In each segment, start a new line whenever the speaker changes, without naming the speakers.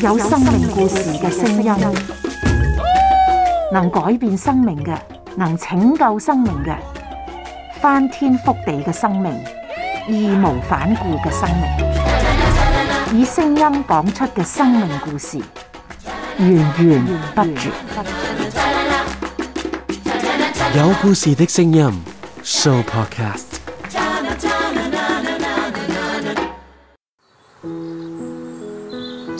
有生命故事嘅聲音，能改變生命嘅，能拯救生命嘅，翻天覆地嘅生命，義無反顧嘅生命，以聲音講出嘅生命故事，源源不絕。有故
事嘅聲音，Show Podcast。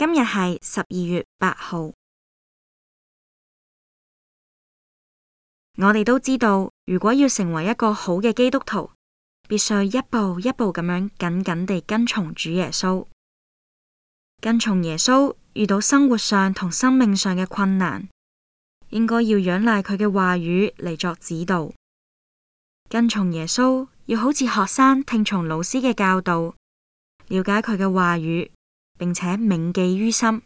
今日係十二月八號。我哋都知道，如果要成為一個好嘅基督徒，必須一步一步咁樣緊緊地
跟從主耶穌。跟從耶穌遇到生活上同生命上嘅困難，應該要仰賴佢嘅話語嚟作指導。
跟從耶穌，要好似學生聽從老師嘅教導，了解佢嘅話語。並且銘記於心。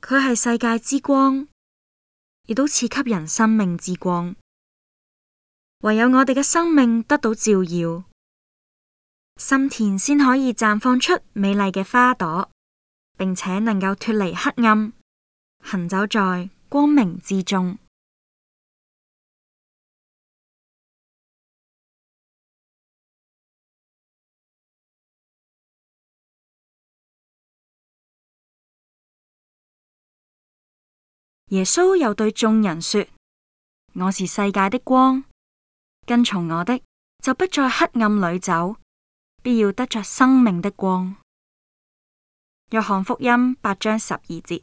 佢係世界之光，亦都賜給人生命之光。唯有我哋嘅生命得到照耀，心田先可以綻放出美麗嘅花朵，並且能夠脫離黑暗，行走在光明之中。耶穌又對眾人說：我是世界的光，跟從我的，就不在黑暗裏走，必要得着生命的光。約翰福音八章十二節。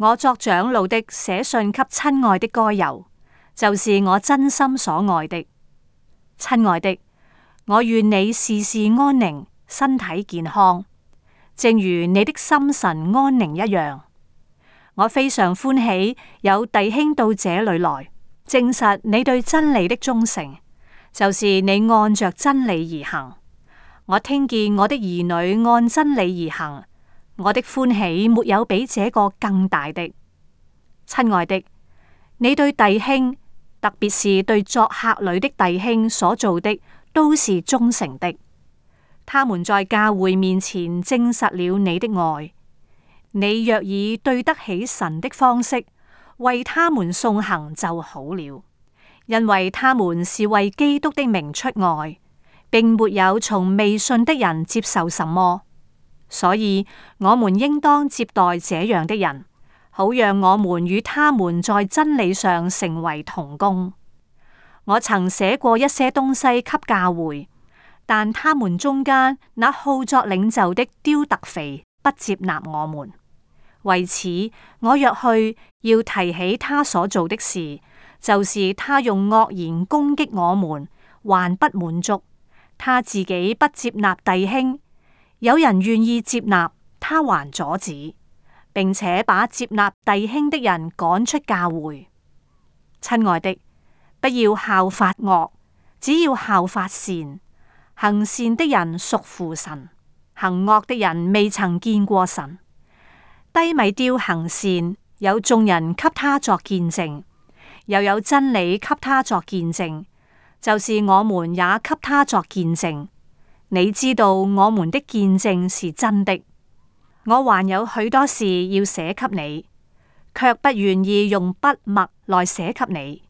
我作長老的寫信給親愛的該猶，就是我真心所愛的。親愛的，我願你事事安寧，身體健康，正如你的心神安寧一樣。我非常歡喜有弟兄到這裏來，證實你對真理的忠誠，就是你按着真理而行。我聽見我的兒女按真理而行。我的歡喜沒有比這個更大的，親愛的，你對弟兄，特別是對作客旅的弟兄所做的，都是忠誠的。他們在教會面前證實了你的愛。你若以對得起神的方式為他們送行就好了，因為他們是為基督的名出外，並沒有從未信的人接受什麼。所以，我們應當接待這樣的人，好讓我們與他們在真理上成為同工。我曾寫過一些東西給教會，但他們中間那好作領袖的丟特腓不接納我們。為此，我若去要提起他所做的事，就是他用惡言攻擊我們，還不滿足，他自己不接納弟兄。有人願意接納，他還阻止，並且把接納弟兄的人趕出教會。親愛的，不要效法惡，只要效法善。行善的人屬乎神，行惡的人未曾見過神。低米丟行善，有眾人給他作見證，又有真理給他作見證，就是我們也給他作見證。你知道我們的見證是真的。我還有許多事要寫給你，卻不願意用筆墨來寫給你，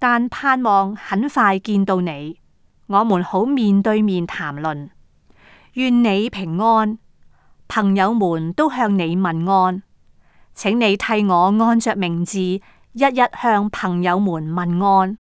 但盼望很快見到你，我們好面對面談論。願你平安，朋友們都向你問安，請你替我按着名字
一一向朋友們問安。